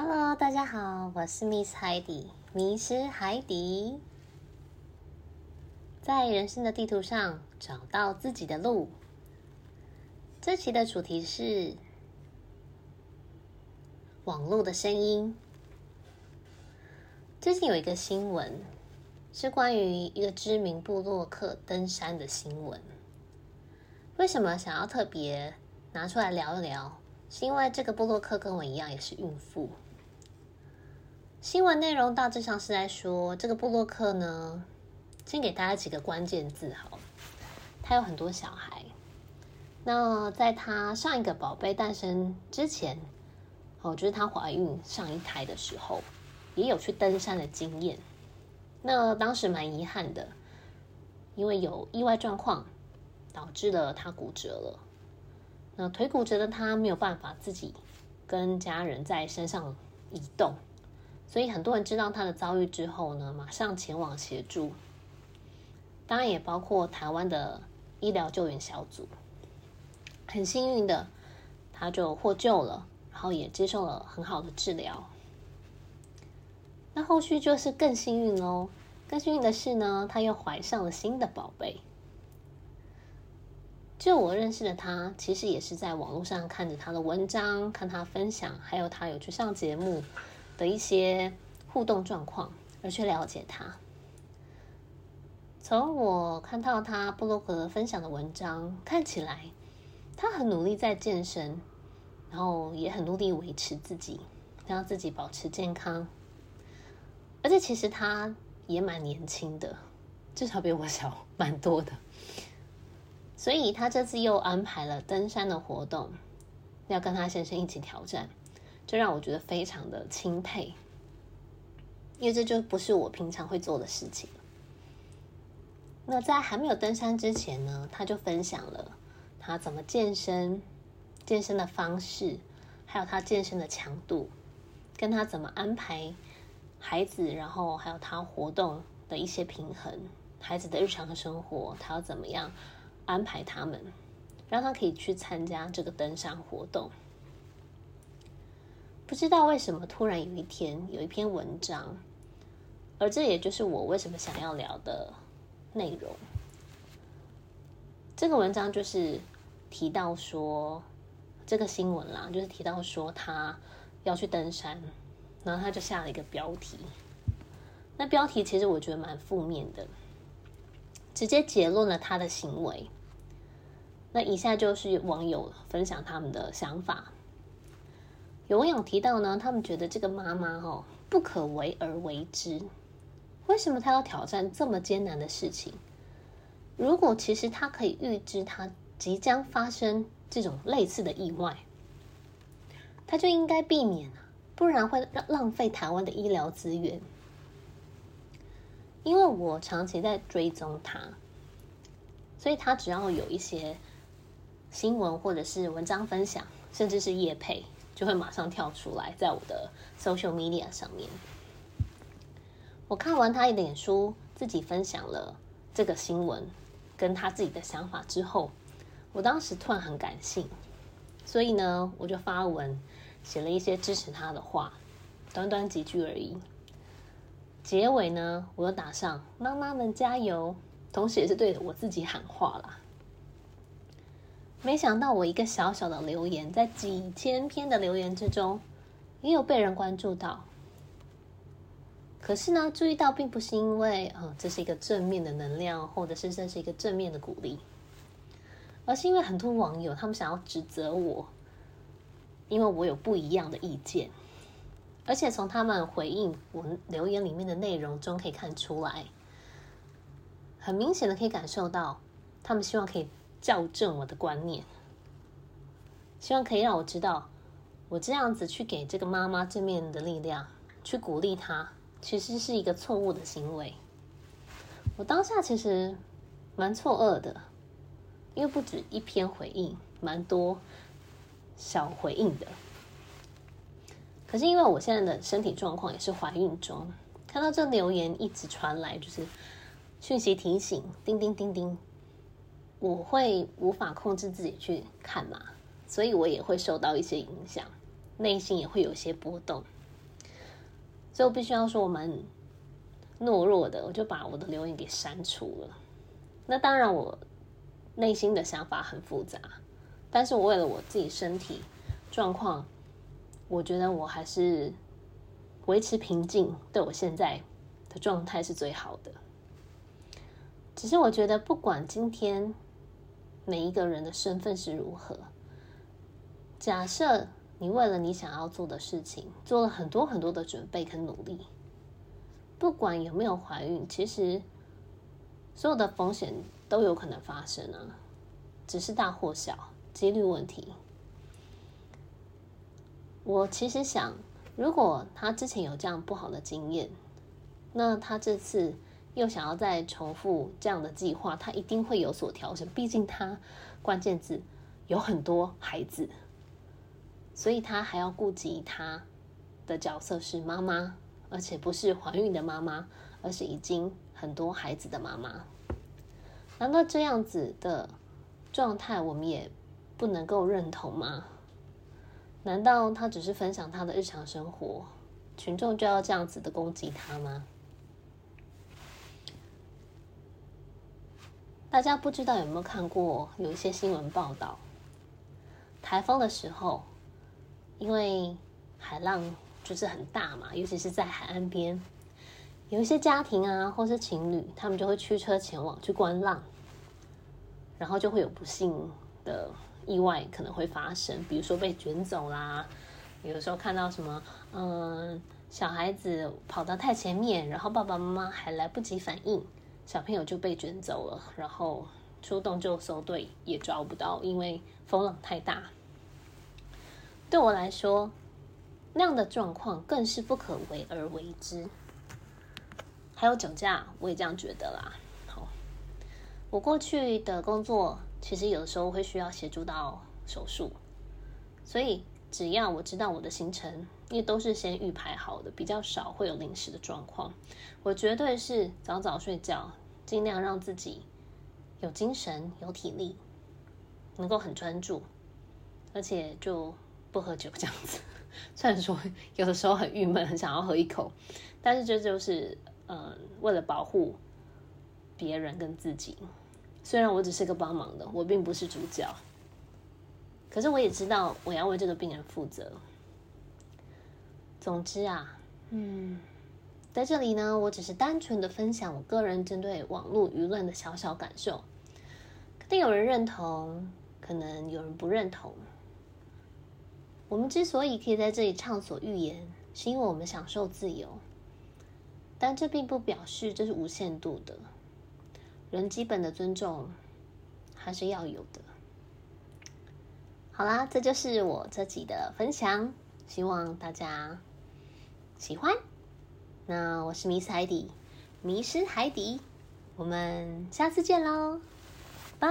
Hello，大家好，我是 Miss 海底，迷失海底，在人生的地圖上找到自己的路。這期的主題是網絡的聲音。最近有一個新聞，是關於一個知名部落客登山的新聞。為什麼想要特別拿出來聊一聊？是因為這個部落客跟我一樣也是孕婦。新聞內容大致上是在說，這個部落客呢，先給大家幾個關鍵字好了，他有很多小孩，那在他上一個寶貝誕生之前，哦，就是他懷孕上一胎的時候，也有去登山的經驗。那當時蠻遺憾的，因為有意外狀況，導致了他骨折了。那腿骨折的他沒有辦法自己跟家人在山上移動。所以很多人知道他的遭遇之後呢，馬上前往協助。當然也包括台灣的醫療救援小組。很幸運的，他就獲救了，然後也接受了很好的治療。那後續就是更幸運哦，更幸運的是呢，他又懷上了新的寶貝。就我認識的他，其實也是在網絡上看着他的文章，看他分享，還有他有去上節目。的一些互動狀況，而去了解他。從我看到他部落格分享的文章，看起來他很努力在健身，然後也很努力維持自己，讓自己保持健康。而且其實他也蠻年輕的，至少比我小蠻多的。所以他這次又安排了登山的活動，要跟他先生一起挑戰。這讓我覺得非常的欽佩，因為這就不是我平常會做的事情。那在還沒有登山之前呢，他就分享了他怎麼健身、健身的方式，還有他健身的強度，跟他怎麼安排孩子，然後還有他活動的一些平衡，孩子的日常生活，他要怎麼樣安排他們，讓他可以去參加這個登山活動。不知道為什麼，突然有一天有一篇文章，而這也就是我為什麼想要聊的內容。這個文章就是提到說這個新聞啦，就是提到說他要去登山，然後他就下了一個標題。那標題其實我覺得蠻負面的，直接結論了他的行為。那以下就是網友分享他們的想法。有網友提到呢，他們覺得這個媽媽哦，不可為而為之。為什麼她要挑戰這麼艱難的事情？如果其實她可以預知她即將發生這種類似的意外，她就應該避免，不然會浪費台灣的醫療資源。因為我長期在追蹤她，所以她只要有一些新聞或者是文章分享，甚至是業配。就會馬上跳出來，在我的 social media 上面。我看完他一臉書自己分享了這個新聞，跟他自己的想法之後，我當時突然很感性，所以呢，我就發文寫了一些支持他的話，短短幾句而已。結尾呢，我又打上“媽媽們加油”，同時也是對我自己喊話啦。沒想到我一個小小的留言，在幾千篇的留言之中，也有被人關注到。可是呢，注意到並不是因為呃、哦、這是一個正面的能量，或者是這是一個正面的鼓勵，而是因為很多網友他們想要指責我，因為我有不一樣的意見，而且從他們回應我留言裡面的內容中可以看出來，很明顯的可以感受到，他們希望可以。校正我的觀念，希望可以讓我知道，我這樣子去給這個媽媽正面的力量，去鼓勵她，其實是一個錯誤的行為。我當下其實蠻錯愕的，因為不止一篇回應，蠻多小回應的。可是因為我現在的身體狀況也是懷孕中，看到這留言一直傳來，就是訊息提醒，叮叮叮叮。我會無法控制自己去看嘛，所以我也會受到一些影響，內心也會有一些波動，所以我必須要說我蠻懦弱的，我就把我的留言給刪除了。那當然，我內心的想法很複雜，但是我為了我自己身體狀況，我覺得我還是維持平靜，對我現在的狀態是最好的。只是我覺得不管今天。每一個人的身份是如何？假設你為了你想要做的事情做了很多很多的準備跟努力，不管有沒有懷孕，其實所有的風險都有可能發生啊，只是大或小、機率問題。我其實想，如果他之前有這樣不好的經驗，那他這次。又想要再重複這樣的計劃，他一定會有所調整。畢竟他關鍵字有很多孩子，所以他還要顧及他的角色是媽媽，而且不是懷孕的媽媽，而是已經很多孩子的媽媽。難道這樣子的狀態我們也不能夠認同嗎？難道他只是分享他的日常生活，群眾就要這樣子的攻擊他嗎？大家不知道有沒有看過有一些新聞報道，颱風的時候，因為海浪就是很大嘛，尤其是在海岸邊，有一些家庭啊，或是情侶，他們就會驅車前往去觀浪，然後就會有不幸的意外可能會發生，比如說被捲走啦，有的時候看到什麼，嗯，小孩子跑到太前面，然後爸爸媽媽還來不及反應。小朋友就被捲走了，然後出動就搜救隊也抓不到，因為風浪太大。對我來說，那樣的狀況更是不可為而為之。還有酒駕，我也這樣覺得啦。好，我過去的工作其實有的時候會需要協助到手術，所以只要我知道我的行程。因為都是先預排好的，比較少會有臨時的狀況。我絕對是早早睡覺，盡量讓自己有精神、有體力，能夠很專注，而且就不喝酒這樣子。雖然說有的時候很鬱悶，很想要喝一口，但是這就是嗯、呃，為了保護別人跟自己。雖然我只是個幫忙的，我並不是主角，可是我也知道我要為這個病人負責。總之啊，嗯，在這裡呢，我只是單純的分享我個人針對網絡輿論的小小感受，肯定有人認同，可能有人不認同。我們之所以可以在這裡暢所欲言，是因為我們享受自由，但這並不表示這是無限度的，人基本的尊重還是要有的。好啦，這就是我這集的分享，希望大家。喜歡，那我是迷失海底，迷失海底，我們下次見嘍，拜。